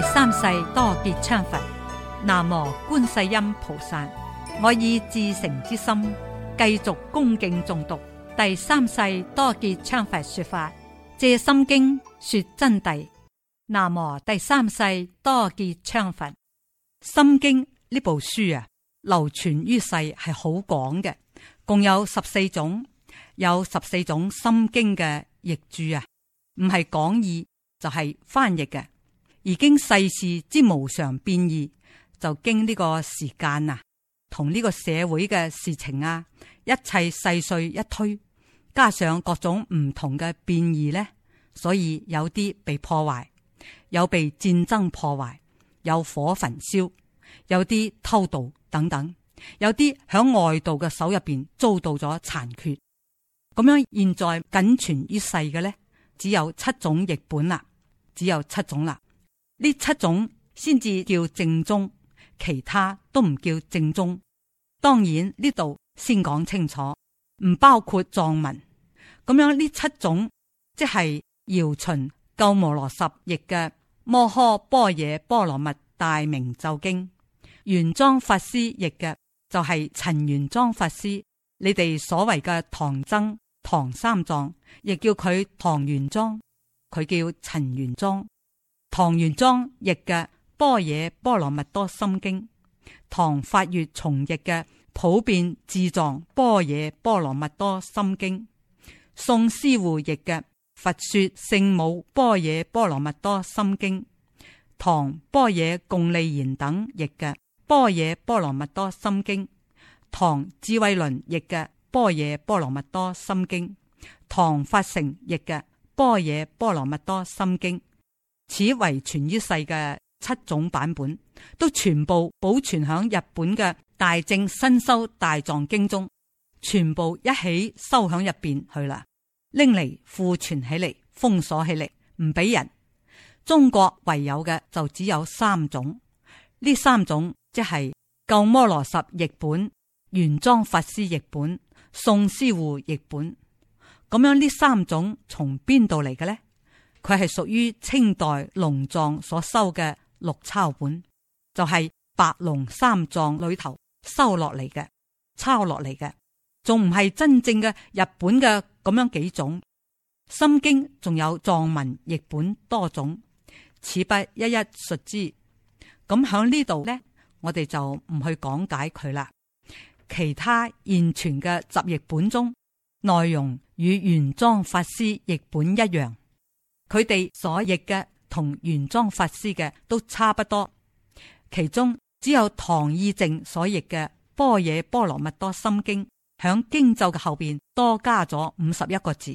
第三世多杰羌佛，南無觀世音菩薩，我以至誠之心繼續恭敬誦讀第三世多杰羌佛說法《借心經》說真諦，南無第三世多杰羌佛。《心經》呢部書啊，流傳於世係好廣嘅，共有十四種，有十四種《心經》嘅譯注啊，唔係講義就係、是、翻譯嘅。已經世事之無常變異，就經呢個時間啊，同呢個社會嘅事情啊，一切細碎一推，加上各種唔同嘅變異呢，所以有啲被破壞，有被戰爭破壞，有火焚燒，有啲偷盜等等，有啲響外道嘅手入邊遭到咗殘缺。咁樣現在僅存於世嘅呢，只有七種譯本啦，只有七種啦。呢七種先至叫正宗，其他都唔叫正宗。當然呢度先講清楚，唔包括藏文。咁樣呢七種即係姚秦鳩摩羅什譯嘅《摩訶波耶波羅蜜大明咒經》，玄奘法師譯嘅就係、是、陳玄奘法師，你哋所謂嘅唐僧、唐三藏，亦叫佢唐玄奘，佢叫陳玄奘。唐玄奘譯嘅《般若波羅蜜多心經》，唐法月重譯嘅《普遍智藏般若波羅蜜多心經》，宋施護譯嘅《佛說聖母般若波羅蜜多心經》，唐般若共利言等譯嘅《般若波羅蜜多心經》，唐智慧輪譯嘅《般若波羅蜜多心經》，唐法成譯嘅《般若波羅蜜多心經》心經。此遺存於世嘅七種版本，都全部保存喺日本嘅大正新修大藏經中，全部一起收喺入邊去啦，拎嚟庫存起嚟，封鎖起嚟，唔俾人。中國唯有嘅就只有三種，呢三種即係《鳩摩羅什譯本》《玄奘法師譯本》《宋施護譯本》，咁樣呢三種從邊度嚟嘅呢？佢係屬於清代龍藏所收嘅六抄本，就係白龍三藏裏頭收落嚟嘅抄落嚟嘅，仲唔係真正嘅日本嘅咁樣幾種心經，仲有藏文譯本多種，此不一一述之。咁響呢度呢，我哋就唔去講解佢啦。其他現存嘅集譯本中，內容與玄奘法師譯本一樣。佢哋所譯嘅同原裝法師嘅都差不多，其中只有唐義淨所譯嘅《般若波羅蜜多心經》響經咒嘅後邊多加咗五十一個字，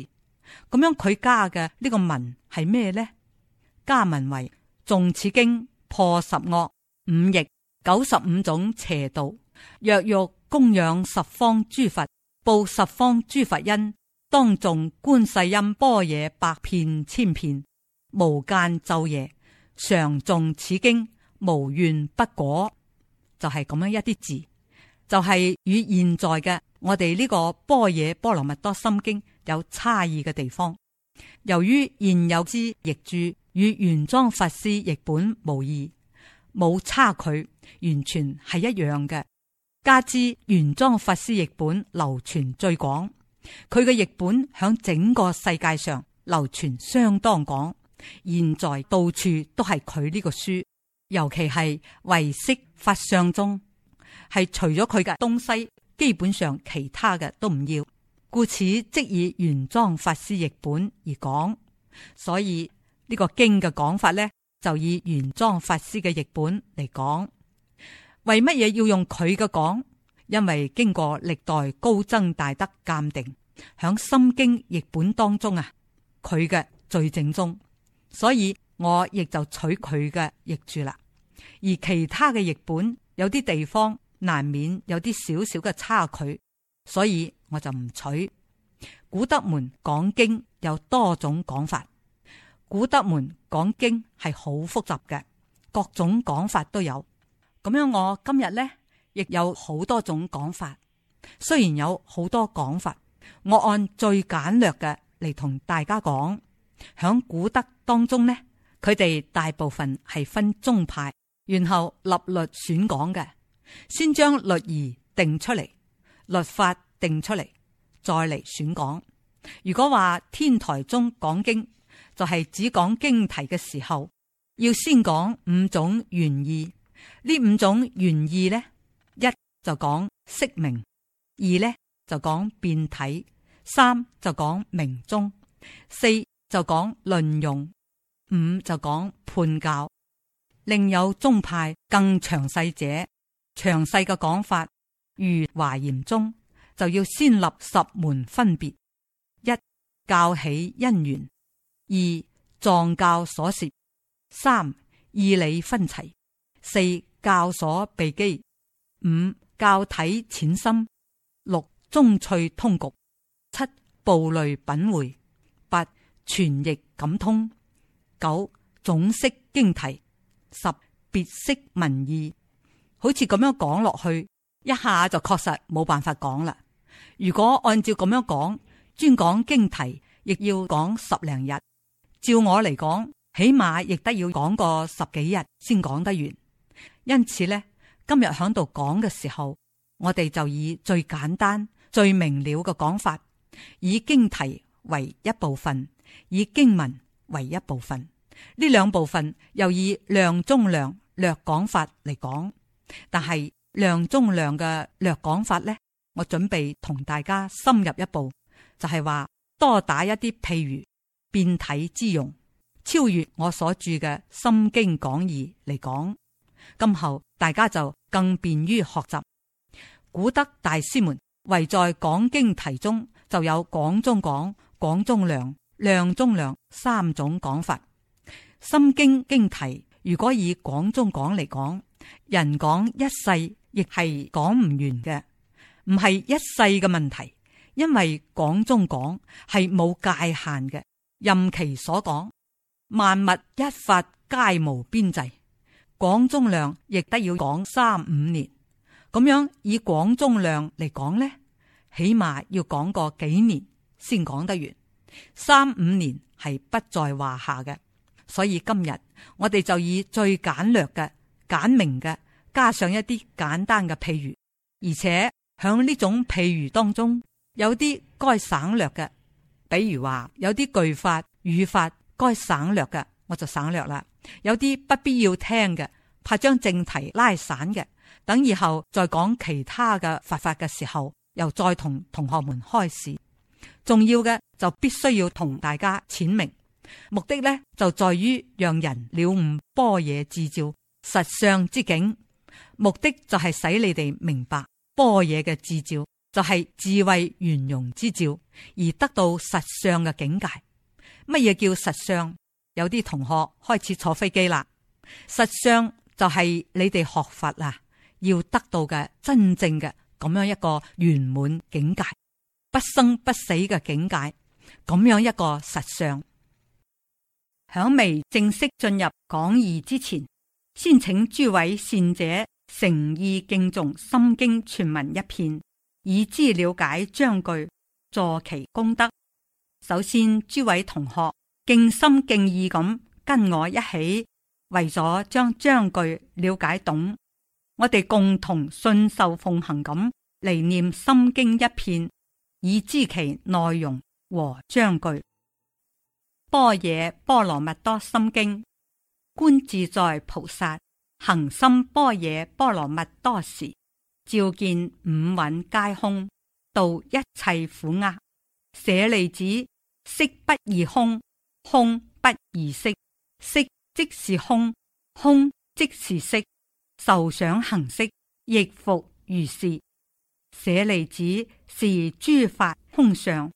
咁樣佢加嘅呢個文係咩呢？加文為：誦此經，破十惡、五逆、九十五種邪道，若欲供養十方諸佛，報十方諸佛恩。當眾觀世音般若百遍千遍，無間晝夜常誦此經無怨不果，就係、是、咁樣一啲字，就係、是、與現在嘅我哋呢個般若波羅蜜多心經有差異嘅地方。由於現有之譯註與原裝法師譯本無異，冇差距，完全係一樣嘅。加之原裝法師譯本流傳最廣。佢嘅譯本響整個世界上流傳相當廣，現在到處都係佢呢個書，尤其係唯識法相宗係除咗佢嘅東西，基本上其他嘅都唔要，故此即以玄奘法師譯本而講，所以呢個經嘅講法呢，就以玄奘法師嘅譯本嚟講，為乜嘢要用佢嘅講？因為經過歷代高僧大德鑑定，響《心經》譯本當中啊，佢嘅最正宗，所以我亦就取佢嘅譯注啦。而其他嘅譯本有啲地方難免有啲少少嘅差距，所以我就唔取。古德門講經有多種講法，古德門講經係好複雜嘅，各種講法都有。咁樣我今日呢。亦有好多種講法，雖然有好多講法，我按最簡略嘅嚟同大家講。響古德當中呢，佢哋大部分係分宗派，然後立律選講嘅，先將律儀定出嚟，律法定出嚟，再嚟選講。如果話天台宗講經，就係只講經題嘅時候，要先講五種原意，呢五種原意呢？就講釋名，二呢就講辨體，三就講明宗，四就講論用，五就講判教。另有宗派更詳細者，詳細嘅講法，如華嚴宗就要先立十門分別：一教起因緣，二藏教所攝；三義理分齊，四教所被機，五。教體淺深，六宗趣通局，七部類品會，八傳譯感通，九總釋經題，十別釋文義。好似咁樣講落去，一下就確實冇辦法講啦。如果按照咁樣講，專講經題，亦要講十零日。照我嚟講，起碼亦都要講個十幾日先講得完。因此咧。今日喺度講嘅時候，我哋就以最簡單、最明了嘅講法，以經題為一部分，以經文為一部分，呢兩部分又以量中量略講法嚟講。但係量中量嘅略講法呢，我準備同大家深入一步，就係話多打一啲譬如變體之用，超越我所著嘅《心經講義》嚟講。今後大家就更便於學習古德大師們唯在講經題中就有廣中廣、廣中略、略中略三種講法。心經經題如果以廣中廣嚟講，人講一世亦係講唔完嘅，唔係一世嘅問題，因為廣中廣係冇界限嘅，任其所講，萬物一法皆無邊際。講中量亦得要講三五年，咁樣以講中量嚟講呢，起碼要講個幾年先講得完，三五年係不在話下嘅。所以今日我哋就以最簡略嘅、簡明嘅，加上一啲簡單嘅譬喻，而且響呢種譬喻當中，有啲該省略嘅，比如話有啲句法、語法該省略嘅，我就省略啦。有啲不必要聽嘅，怕將正題拉散嘅，等以後再講其他嘅佛法嘅時候，又再同同學們開示。重要嘅就必須要同大家闡明，目的呢就在於讓人了悟般若智照實相之境。目的就係使你哋明白般若嘅智照就係、是、智慧圓融之照，而得到實相嘅境界。乜嘢叫實相？有啲同學開始坐飛機啦，實相就係你哋學佛啦，要得到嘅真正嘅咁樣一個圓滿境界，不生不死嘅境界，咁樣一個實相。響未正式進入講義之前，先請諸位善者誠意敬誦《心經》全文一篇，以知了解將具助其功德。首先，諸位同學。敬心敬意咁跟我一起，為咗將章句了解懂，我哋共同信受奉行咁嚟念心經一遍，以知其內容和章句。般若波羅蜜多心經，觀自在菩薩行深般若波羅蜜多時，照見五蘊皆空，度一切苦厄。舍利子，色不異空。空不異色，色即是空，空即是色。受想行識亦復如是。舍利子，是諸法空相，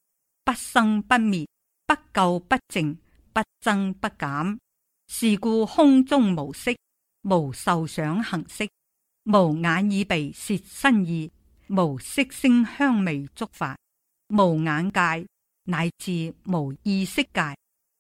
不生不滅，不垢不淨，不增不減。是故空中無色，無受想行識，無眼耳鼻舌身意，無色聲香味觸法，無眼界，乃至無意識界。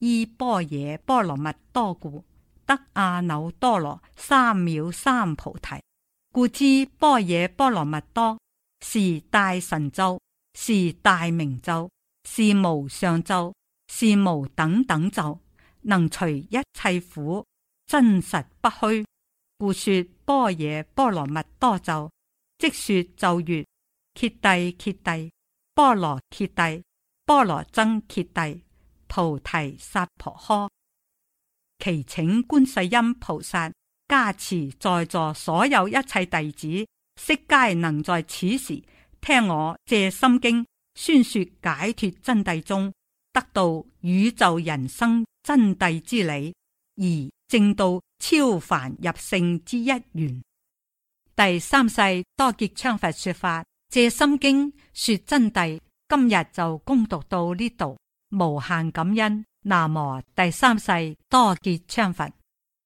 依般若波羅蜜多故，得阿耨多羅三藐三菩提。故知般若波羅蜜多是大神咒，是大明咒，是無上咒，是無等等咒，能除一切苦，真實不虛。故說般若波羅蜜多咒，即說咒曰：揭諦揭諦，波羅揭諦，波羅僧揭諦。菩提薩婆訶，祈請觀世音菩薩加持在座所有一切弟子，悉皆能在此時聽我借心經宣說解脫真諦中，得到宇宙人生真諦之理，而證到超凡入聖之一緣。第三世多杰羌佛說法借心經說真諦，今日就恭讀到呢度。無限感恩，南無第三世多杰羌佛。